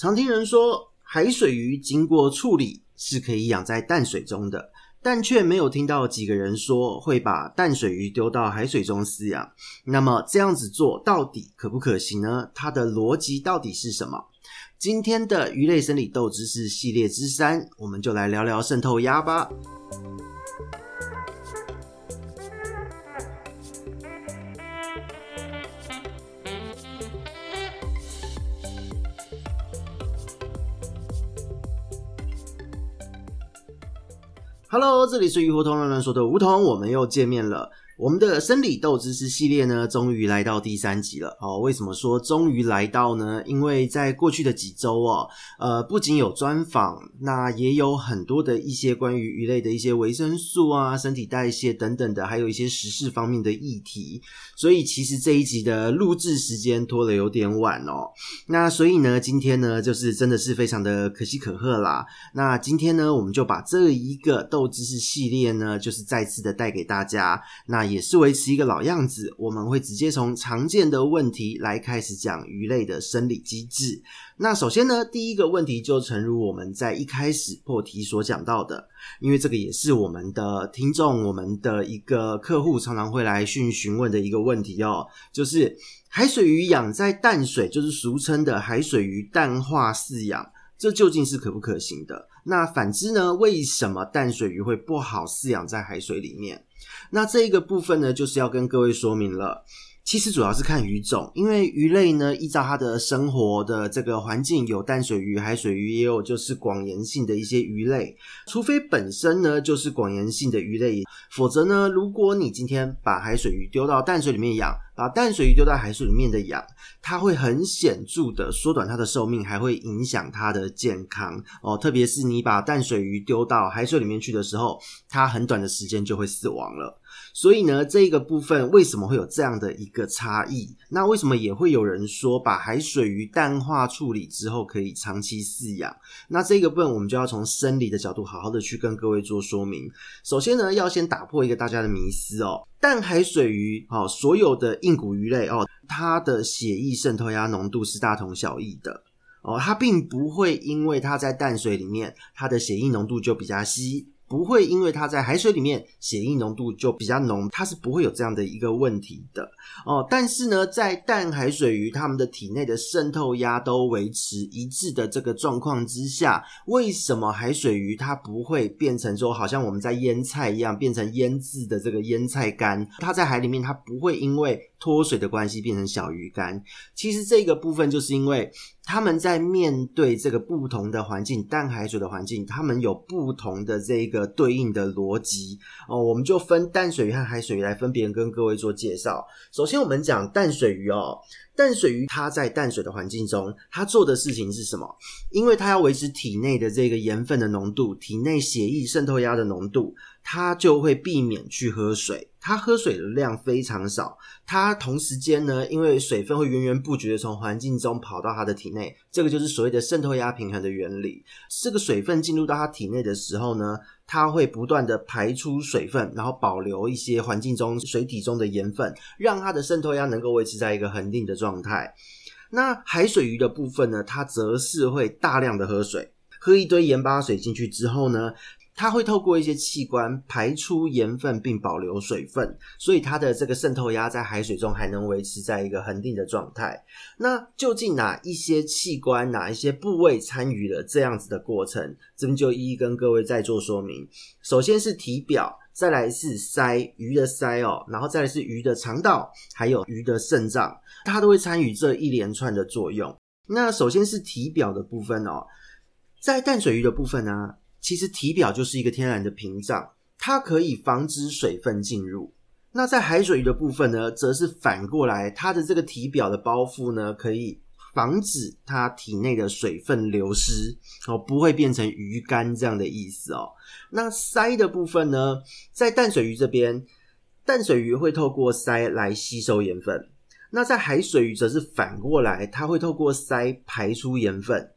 常聽人說海水魚經過處理是可以養在淡水中的，但卻沒有聽到幾個人說會把淡水魚丟到海水中飼養。那麼這樣子做到底可不可行呢？它的邏輯到底是什麼？今天的魚類生理豆知識系列之三，我們就來聊聊滲透壓吧。哈嘍，Hello, 這裡是魚活通亂亂說的梧桐，我們又見面了。我們的生理豆知識系列呢，終於來到第三集了。哦，為什麼說終於來到呢？因為在過去的幾週哦，呃，不僅有專訪，那也有很多的一些關於魚類的一些維生素啊、身體代謝等等的，還有一些時事方面的議題。所以其實這一集的錄制時間拖得有點晚哦。那所以呢，今天呢，就是真的是非常的可喜可賀啦。那今天呢，我們就把這一個豆知識系列呢，就是再次的帶給大家。那也是維持一個老樣子，我們會直接從常見的問題來開始講魚類的生理機制。那首先呢，第一個問題就誠如我們在一開始破題所講到的，因為這個也是我們的聽眾、我們的一個客戶常常會來詢詢問的一個問題哦，就是海水魚養在淡水，就是俗稱的海水魚淡化飼養。這究竟是可不可行的？那反之呢？為什麼淡水魚會不好飼養在海水裡面？那這一個部分呢，就是要跟各位說明了。其實主要是看魚種，因為魚類呢，依照它的生活的這個環境，有淡水魚、海水魚，也有就是廣鹽性的一些魚類。除非本身呢就是廣鹽性的魚類，否則呢，如果你今天把海水魚丟到淡水裡面養，把淡水魚丟到海水裡面的養，它會很顯著的縮短它的壽命，還會影響它的健康哦。特別是你把淡水魚丟到海水裡面去的時候，它很短的時間就會死亡了。所以呢，這個部分為什麼會有這樣的一個差異？那為什麼也會有人說把海水魚淡化處理之後可以長期飼養？那這個部分我們就要從生理的角度好好的去跟各位做說明。首先呢，要先打破一個大家的迷思哦，淡海水魚哦，所有的硬骨魚類哦，它的血液滲透壓濃度是大同小異的哦，它並不會因為它在淡水裡面，它的血液濃度就比較稀。不會，因為它在海水裡面血液濃度就比較濃，它是不會有這樣的一個問題的哦。但是呢，在淡海水魚它們的體內的滲透壓都維持一致的這個狀況之下，為什麼海水魚它不會變成說好像我們在醃菜一樣，變成醃制的這個醃菜乾？它在海裡面它不會因為。脫水的關係變成小魚乾，其實這個部分就是因為他們在面對這個不同的環境，淡海水的環境，他們有不同的這個對應的邏輯哦。我們就分淡水魚和海水魚來分別跟各位做介紹。首先，我們講淡水魚哦，淡水魚它在淡水的環境中，它做的事情是什麼？因為它要維持體內的這個鹽分的濃度，體內血液滲透壓的濃度。它就會避免去喝水，它喝水的量非常少。它同時間呢，因為水分會源源不絕的從環境中跑到它的體內，這個就是所謂的滲透壓平衡的原理。這個水分進入到它體內的時候呢，它會不斷地排出水分，然後保留一些環境中水體中的鹽分，讓它的滲透壓能夠維持在一個恆定的狀態。那海水魚的部分呢，它則是會大量的喝水，喝一堆鹽巴水進去之後呢。它會透過一些器官排出鹽分並保留水分，所以它的這個滲透壓在海水中還能維持在一個恆定的狀態。那究竟哪一些器官、哪一些部位參與了這樣子的過程？這邊就一一跟各位再做說明。首先是體表，再來是鰓，魚的鰓哦，然後再來是魚的腸道，還有魚的腎臟，它都會參與這一連串的作用。那首先是體表的部分哦，在淡水魚的部分呢、啊。其實體表就是一個天然的屏障，它可以防止水分進入。那在海水魚的部分呢，則是反過來，它的這個體表的包覆呢，可以防止它體內的水分流失哦，不會變成魚乾這樣的意思哦。那鰓的部分呢，在淡水魚這邊，淡水魚會透過鰓來吸收鹽分。那在海水魚則是反過來，它會透過鰓排出鹽分。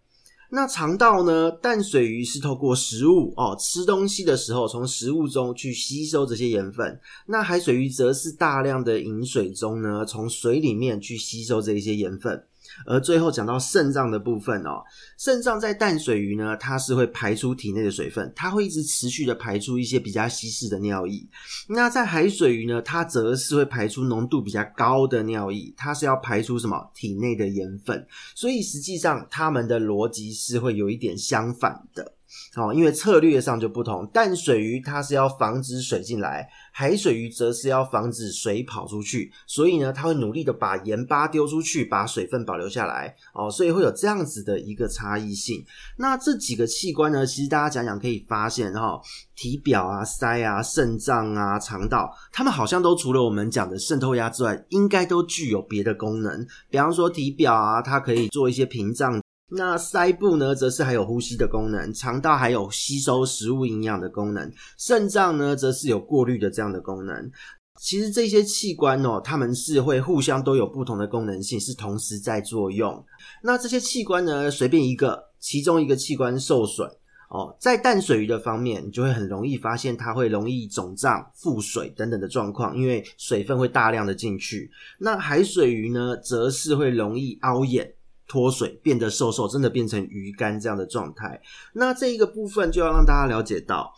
那腸道呢，淡水魚是透過食物哦，吃東西的時候，從食物中去吸收這些鹽分。那海水魚則是大量的飲水中呢，從水裡面去吸收這一些鹽分。而最後講到腎臟的部分哦，腎臟在淡水魚呢，它是會排出體內的水分，它會一直持續的排出一些比較稀釋的尿液；那在海水魚呢，它則是會排出濃度比較高的尿液，它是要排出什麼？體內的鹽分，所以實際上它們的邏輯是會有一點相反的。哦，因為策略上就不同。淡水魚它是要防止水進來，海水魚則是要防止水跑出去，所以呢，它會努力的把鹽巴丟出去，把水分保留下來。哦，所以會有這樣子的一個差異性。那這幾個器官呢，其實大家講講可以發現，哈，體表啊、鰓啊、腎臟啊、腸道，它們好像都除了我們講的滲透壓之外，應該都具有別的功能。比方說體表啊，它可以做一些屏障。那腮部呢，則是還有呼吸的功能；腸道還有吸收食物營養的功能；腎臟呢，則是有過濾的這樣的功能。其實這些器官哦，他們是會互相都有不同的功能性，是同時在作用。那這些器官呢，隨便一個，其中一個器官受損哦，在淡水魚的方面，你就會很容易發現它會容易腫脹、腹水等等的狀況，因為水分會大量的進去。那海水魚呢，則是會容易凹眼。脫水變得瘦瘦，真的變成魚乾這樣的狀態。那這一個部分就要讓大家了解到，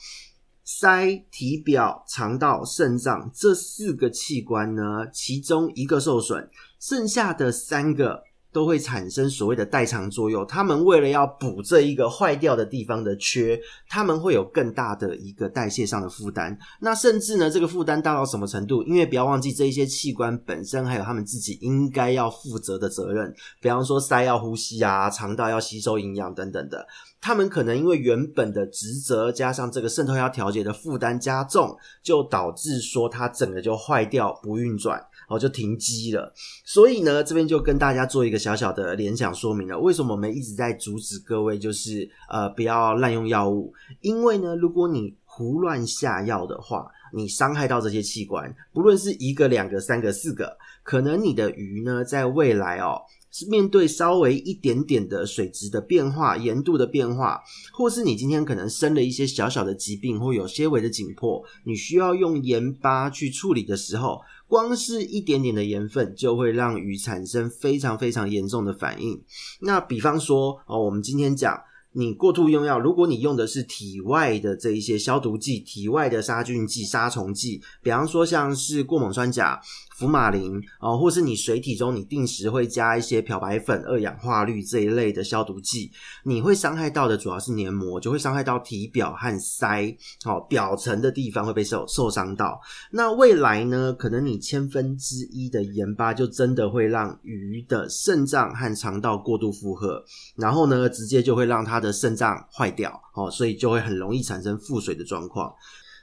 鰓、體表、腸道、腎臟這四個器官呢，其中一個受損，剩下的三個，都會產生所謂的代償作用，他們為了要補這一個壞掉的地方的缺，他們會有更大的一個代謝上的負擔。那甚至呢，這個負擔大到什麼程度？因為不要忘記，這一些器官本身還有他們自己應該要負責的責任。比方說，鰓要呼吸啊，腸道要吸收營養等等的，他們可能因為原本的職責加上這個滲透壓調節的負擔加重，就導致說它整個就壞掉，不運轉。哦，就停機了。所以呢，這邊就跟大家做一個小小的聯想說明了，為什麼我們一直在阻止各位，就是呃，不要濫用藥物。因為呢，如果你胡亂下藥的話，你傷害到這些器官，不論是一個、兩個、三個、四個，可能你的魚呢，在未來哦，是面對稍微一點點的水質的變化、鹽度的變化，或是你今天可能生了一些小小的疾病，或有些微的緊迫，你需要用鹽巴去處理的時候。光是一點點的鹽分，就會讓魚產生非常非常嚴重的反應。那比方說，哦，我們今天講你過度用藥，如果你用的是體外的這一些消毒劑、體外的殺菌劑、殺蟲劑，比方說像是過錳酸鉀。福馬林哦，或是你水體中你定時會加一些漂白粉、二氧化氯這一類的消毒劑，你會傷害到的主要是黏膜，就會傷害到體表和鰓。哦，表層的地方會被受受傷到。那未來呢，可能你千分之一的鹽巴就真的會讓魚的腎臟和腸道過度負荷，然後呢，直接就會讓它的腎臟壞掉，哦，所以就會很容易產生腹水的狀況。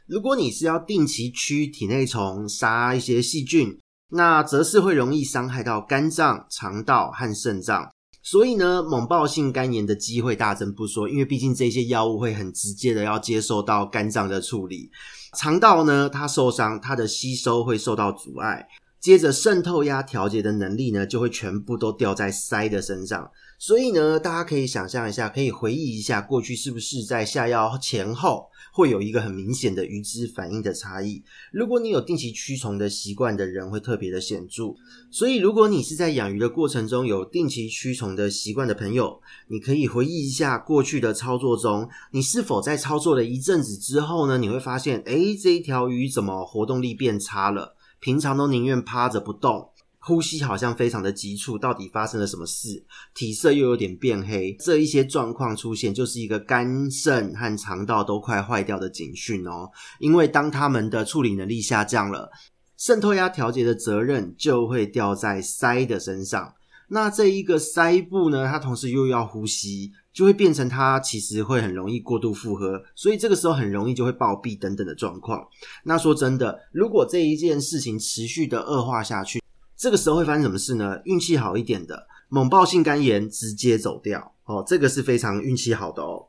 如果你是要定期驅體內蟲、殺一些細菌，那則是會容易傷害到肝臟、腸道和腎臟，所以呢，猛暴性肝炎的機會大增不說，因為畢竟這些藥物會很直接的要接受到肝臟的處理，腸道呢，它受傷，它的吸收會受到阻礙。接着滲透壓調節的能力呢，就會全部都掉在鰓的身上。所以呢，大家可以想象一下，可以回憶一下過去是不是在下藥前後會有一個很明顯的魚隻反應的差異。如果你有定期驅蟲的習慣的人，會特別的顯著。所以，如果你是在養魚的過程中有定期驅蟲的習慣的朋友，你可以回憶一下過去的操作中，你是否在操作了一陣子之後呢，你會發現，哎，這一條魚怎麼活動力變差了？平常都寧願趴着不動，呼吸好像非常的急促，到底發生了什麼事？體色又有點變黑，這一些狀況出現就是一個肝腎和腸道都快壞掉的警訊哦。因為當他們的處理能力下降了，滲透壓調節的責任就會掉在鰓的身上。那這一個鰓部呢，它同時又要呼吸。就會變成他其實會很容易過度負荷，所以這個時候很容易就會暴斃等等的狀況。那說真的，如果這一件事情持續的惡化下去，這個時候會發生什麼事呢？運氣好一點的，猛爆性肝炎直接走掉哦，這個是非常運氣好的哦。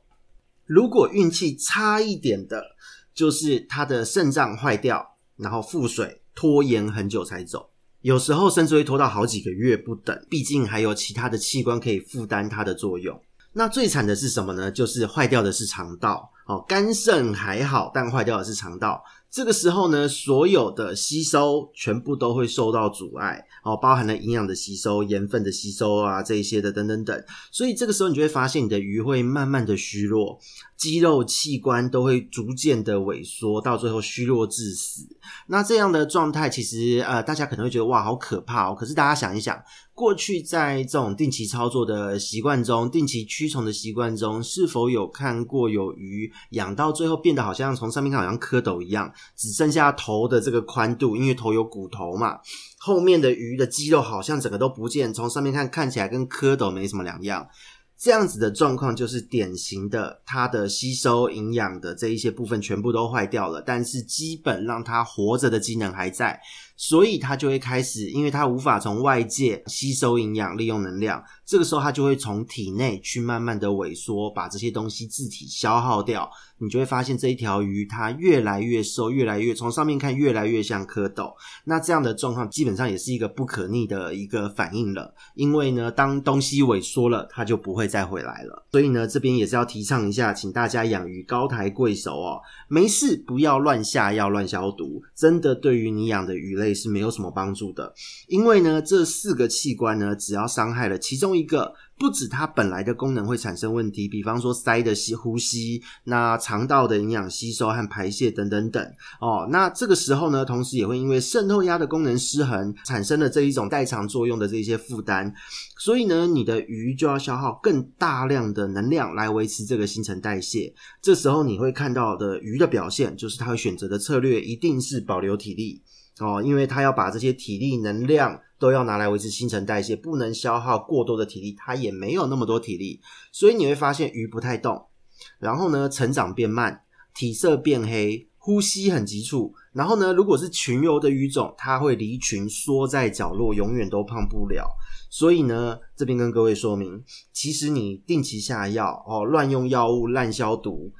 如果運氣差一點的，就是他的腎臟壞掉，然後腹水拖延很久才走，有時候甚至會拖到好幾個月不等。畢竟還有其他的器官可以負擔它的作用。那最慘的是什麼呢？就是壞掉的是腸道哦，肝腎還好，但壞掉的是腸道。這個時候呢，所有的吸收全部都會受到阻礙哦，包含了營養的吸收、鹽分的吸收啊，這一些的等等等。所以這個時候你就會發現，你的魚會慢慢的虛弱，肌肉器官都會逐漸的萎縮，到最後虛弱致死。那這樣的狀態，其實呃，大家可能會覺得哇，好可怕哦。可是大家想一想，過去在這種定期操作的習慣中，定期驅蟲的習慣中，是否有看過有魚養到最後變得好像從上面看好像蝌蚪一樣？只剩下頭的這個寬度，因為頭有骨頭嘛，後面的魚的肌肉好像整個都不見，從上面看，看起來跟蝌蚪沒什麼兩樣。這樣子的狀況就是典型的，它的吸收營養的這一些部分全部都壞掉了，但是基本讓它活着的機能還在，所以它就會開始，因為它無法從外界吸收營養，利用能量。這個時候，它就會從體內去慢慢的萎縮，把這些東西自體消耗掉。你就會發現這一條魚它越來越瘦，越來越從上面看越來越像蝌蚪。那這樣的狀況基本上也是一個不可逆的一個反應了。因為呢，當東西萎縮了，它就不會再回來了。所以呢，這邊也是要提倡一下，請大家養魚高抬貴手哦，沒事不要亂下藥、亂消毒，真的對於你養的魚類是沒有什麼幫助的。因為呢，這四個器官呢，只要傷害了其中。一個不止，它本來的功能會產生問題，比方說鰓的吸呼吸，那腸道的營養吸收和排泄等等等哦。那這個時候呢，同時也會因為滲透壓的功能失衡，產生了這一種代償作用的這些負擔，所以呢，你的魚就要消耗更大量的能量來維持這個新陳代謝。這時候你會看到的魚的表現，就是它會選擇的策略一定是保留體力。哦，因為它要把這些體力能量都要拿來維持新陳代謝，不能消耗過多的體力，它也沒有那麼多體力，所以你會發現魚不太動。然後呢，成長變慢，體色變黑，呼吸很急促。然後呢，如果是群游的魚種，它會離群縮在角落，永遠都胖不了。所以呢，這邊跟各位說明，其實你定期下藥哦，亂用藥物，濫消毒。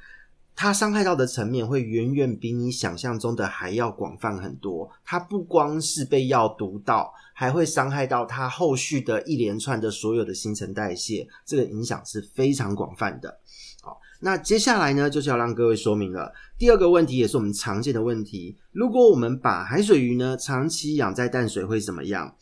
它傷害到的層面會遠遠比你想象中的還要廣泛很多。它不光是被藥毒到，還會傷害到它後續的一連串的所有的新陳代謝，這個影響是非常廣泛的。好，那接下來呢，就是要讓各位說明了，第二個問題，也是我們常見的問題：如果我們把海水魚呢長期養在淡水，會怎麼樣？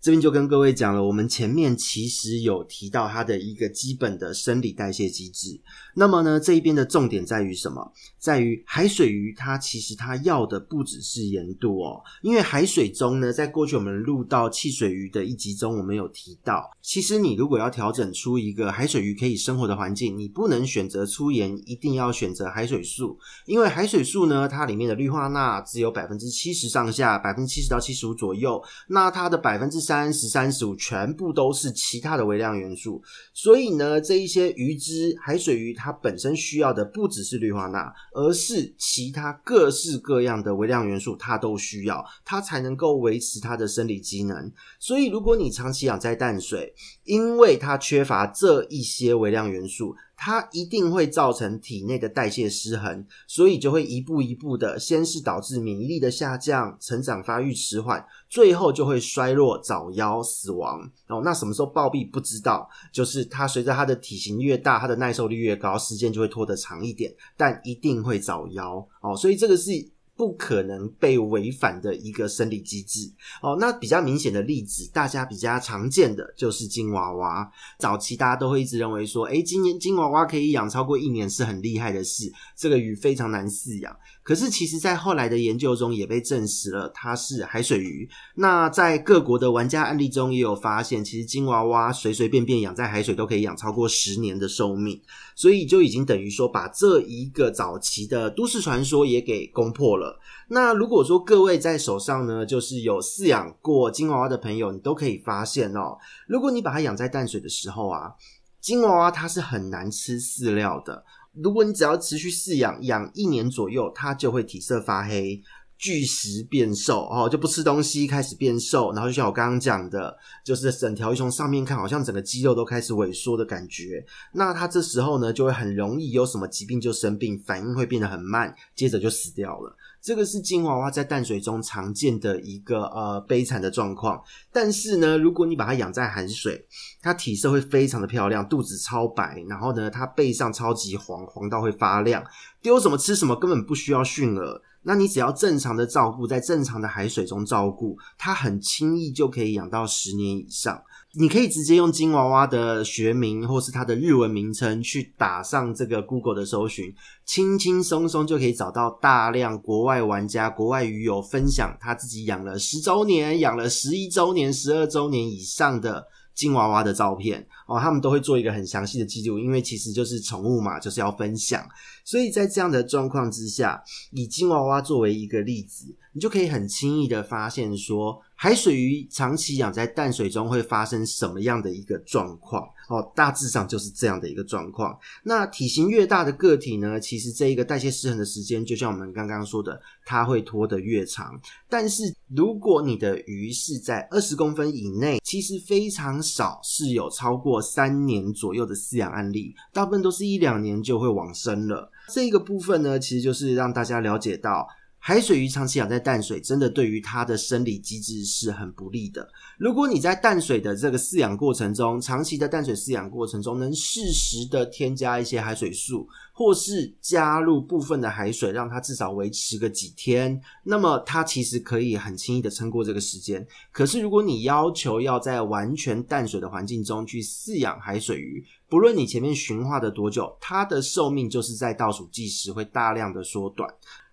這邊就跟各位講了，我們前面其實有提到它的一個基本的生理代謝機制。那麼呢，這一邊的重點在於什麼？在於海水魚它其實它要的不只是鹽度哦、喔，因為海水中呢，在過去我們錄到汽水魚的一集中，我們有提到，其實你如果要調整出一個海水魚可以生活的環境，你不能選擇粗鹽，一定要選擇海水素，因為海水素呢，它裡面的氯化鈉只有百分之七十上下，百分之七十到七十五左右，那它的百分之。三十三十五全部都是其他的微量元素，所以呢，這一些魚汁、海水魚，它本身需要的不只是氯化鈉，而是其他各式各樣的微量元素，它都需要，它才能夠維持它的生理機能。所以，如果你長期養在淡水，因為它缺乏這一些微量元素。它一定會造成體內的代謝失衡，所以就會一步一步的，先是導致免疫力的下降、成長發育遲緩，最後就會衰弱、早夭、死亡。哦，那什麼時候暴斃不知道，就是它隨着它的體型越大，它的耐受力越高，時間就會拖得長一點，但一定會早夭。哦，所以這個是。不可能被違反的一個生理機制哦，那比較明顯的例子，大家比較常見的就是金娃娃。早期大家都會一直認為說，哎、欸，今年金娃娃可以養超過一年是很厲害的事，這個魚非常難飼養。可是，其實，在後來的研究中也被證實了，它是海水魚。那在各國的玩家案例中也有發現，其實金娃娃隨隨便便養在海水都可以養超過十年的壽命，所以就已經等於說把這一個早期的都市傳說也給攻破了。那如果說各位在手上呢，就是有飼養過金娃娃的朋友，你都可以發現哦，如果你把它養在淡水的時候啊，金娃娃它是很難吃飼料的。如果你只要持續飼養，養一年左右，它就會體色發黑。拒食變瘦哦，就不吃東西，開始變瘦，然後就像我剛剛講的，就是整條魚從上面看，好像整個肌肉都開始萎縮的感覺。那它這時候呢，就會很容易有什麼疾病就生病，反應會變得很慢，接着就死掉了。這個是金娃娃在淡水中常見的一個呃悲慘的狀況。但是呢，如果你把它養在海水，它體色會非常的漂亮，肚子超白，然後呢，它背上超級黃，黃到會發亮，丟什麼吃什麼，根本不需要馴餌。那你只要正常的照顧，在正常的海水中照顧，它很輕易就可以養到十年以上。你可以直接用金娃娃的學名，或是它的日文名稱去打上這個 Google 的搜尋，輕輕鬆鬆就可以找到大量國外玩家、國外魚友分享他自己養了十周年、養了十一周年、十二周年以上的，金娃娃的照片哦，他們都會做一個很詳細的記錄，因為其實就是寵物嘛，就是要分享。所以在這樣的狀況之下，以金娃娃作為一個例子，你就可以很輕易的發現說。海水魚長期養在淡水中會發生什麼樣的一個狀況？哦，大致上就是這樣的一個狀況。那體型越大的個體呢，其實這一個代謝失衡的時間，就像我們剛剛說的，它會拖得越長。但是如果你的魚是在二十公分以內，其實非常少是有超過三年左右的飼養案例，大部分都是一兩年就會往生了。這個部分呢，其實就是讓大家了解到。海水魚長期養在淡水，真的對於它的生理機制是很不利的。如果你在淡水的這個飼養過程中，長期的淡水飼養過程中，能適時的添加一些海水素，或是加入部分的海水，讓它至少維持個幾天，那麼它其實可以很輕易的撐過這個時間。可是，如果你要求要在完全淡水的環境中去飼養海水魚，不論你前面馴化的多久，它的壽命就是在倒數計時會大量的縮短。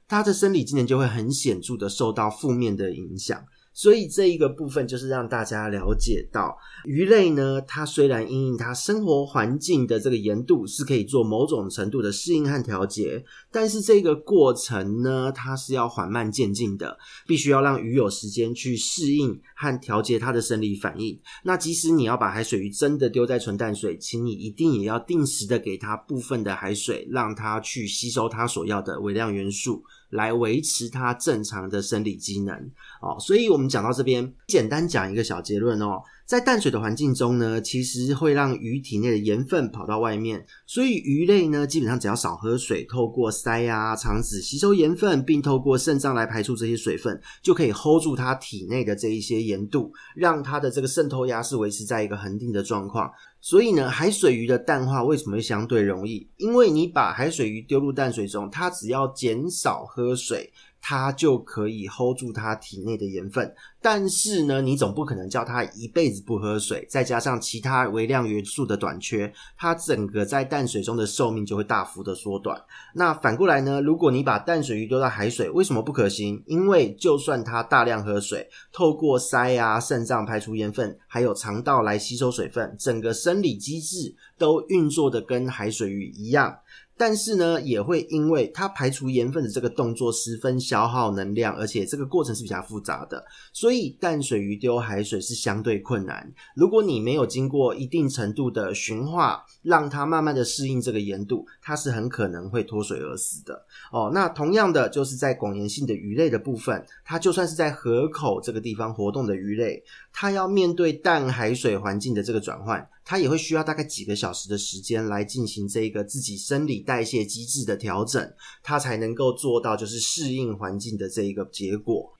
他的生理機能就會很顯著的受到負面的影響。所以這一個部分就是讓大家了解到，魚類呢，它雖然因應它生活環境的這個鹽度是可以做某種程度的適應和調節，但是這個過程呢，它是要緩慢漸進的，必須要讓魚有時間去適應和調節它的生理反應。那即使你要把海水魚真的丟在純淡水，請你一定也要定時的給它部分的海水，讓它去吸收它所要的微量元素。來維持他正常的生理機能哦，所以我們講到這邊，簡單講一個小結論哦。在淡水的環境中呢，其實會讓魚體內的鹽分跑到外面，所以魚類呢，基本上只要少喝水，透過鰓呀、啊、腸子吸收鹽分，並透過腎臟來排出這些水分，就可以 hold 住它體內的這一些鹽度，讓它的這個滲透壓是維持在一個恆定的狀況。所以呢，海水魚的淡化為什麼會相對容易？因為你把海水魚丟入淡水中，它只要減少喝水。它就可以 hold 住它體內的鹽分，但是呢，你總不可能叫它一輩子不喝水，再加上其他微量元素的短缺，它整個在淡水中的壽命就會大幅的縮短。那反過來呢，如果你把淡水魚丟到海水，為什麼不可行？因為就算它大量喝水，透過鰓啊、腎臟排出鹽分，還有腸道來吸收水分，整個生理機制都運作的跟海水魚一樣。但是呢，也會因為它排除鹽分的這個動作十分消耗能量，而且這個過程是比較複雜的，所以淡水魚丟海水是相對困難。如果你沒有經過一定程度的馴化，讓它慢慢的適應這個鹽度，它是很可能會脫水而死的。哦，那同樣的，就是在廣鹽性的魚類的部分，它就算是在河口這個地方活動的魚類。它要面對淡海水環境的這個轉換，它也會需要大概幾個小時的時間來進行這一個自己生理代謝機制的調整，它才能夠做到就是適應環境的這一個結果。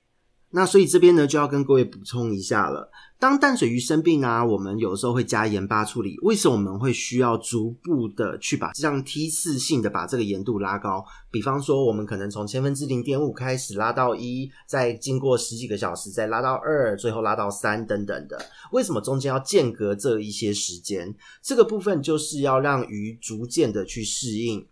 那所以這邊呢，就要跟各位補充一下了。當淡水魚生病啊，我們有時候會加鹽巴處理。為什麼我們會需要逐步的去把，這樣梯次性的把這個鹽度拉高？比方說，我們可能從千分之零點五開始拉到一，再經過十幾個小時，再拉到二，最後拉到三，等等的。為什麼中間要間隔這一些時間？這個部分就是要讓魚逐漸的去適應。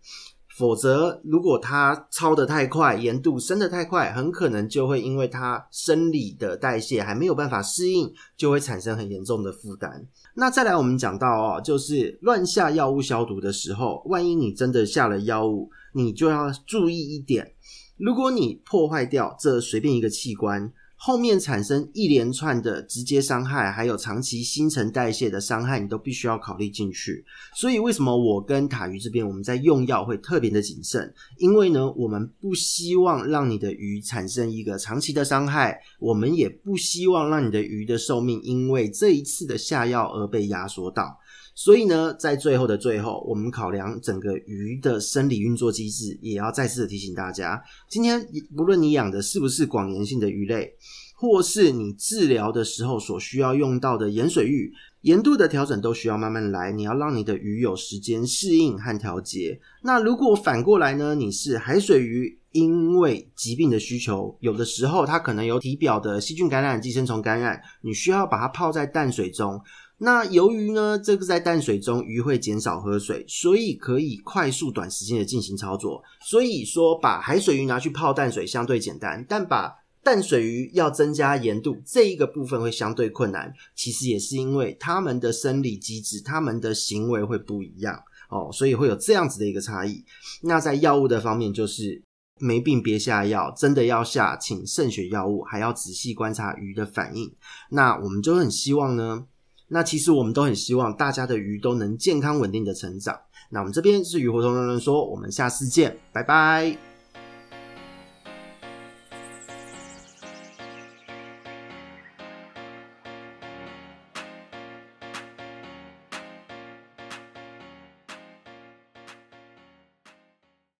否則，如果它超得太快，鹽度升得太快，很可能就會因為它生理的代謝還沒有辦法適應，就會產生很嚴重的負擔。那再來，我們講到哦，就是亂下藥物消毒的時候，萬一你真的下了藥物，你就要注意一點。如果你破壞掉這隨便一個器官，後面產生一連串的直接傷害，還有長期新陳代謝的傷害，你都必須要考慮進去。所以為什麼我跟塔魚這邊我們在用藥會特別的謹慎？因為呢，我們不希望讓你的魚產生一個長期的傷害，我們也不希望讓你的魚的壽命因為這一次的下藥而被壓縮到。所以呢，在最後的最後，我們考量整個魚的生理運作機制，也要再次的提醒大家：今天不論你養的是不是廣鹽性的魚類，或是你治療的時候所需要用到的鹽水浴，鹽度的調整都需要慢慢來，你要讓你的魚有時間適應和調節。那如果反過來呢？你是海水魚，因為疾病的需求，有的時候它可能有體表的細菌感染、寄生蟲感染，你需要把它泡在淡水中。那由於呢，這個在淡水中魚會減少喝水，所以可以快速短時間的進行操作。所以說，把海水魚拿去泡淡水相對簡單，但把淡水魚要增加鹽度，這一個部分會相對困難。其實也是因為它們的生理機制、它們的行為會不一樣哦，所以會有這樣子的一個差異。那在藥物的方面，就是沒病別下藥，真的要下，請慎選藥物，還要仔細觀察魚的反應。那我們就很希望呢。那其實我們都很希望大家的魚都能健康穩定的成長。那我們這邊是魚活通亂亂說，我們下次見，拜拜。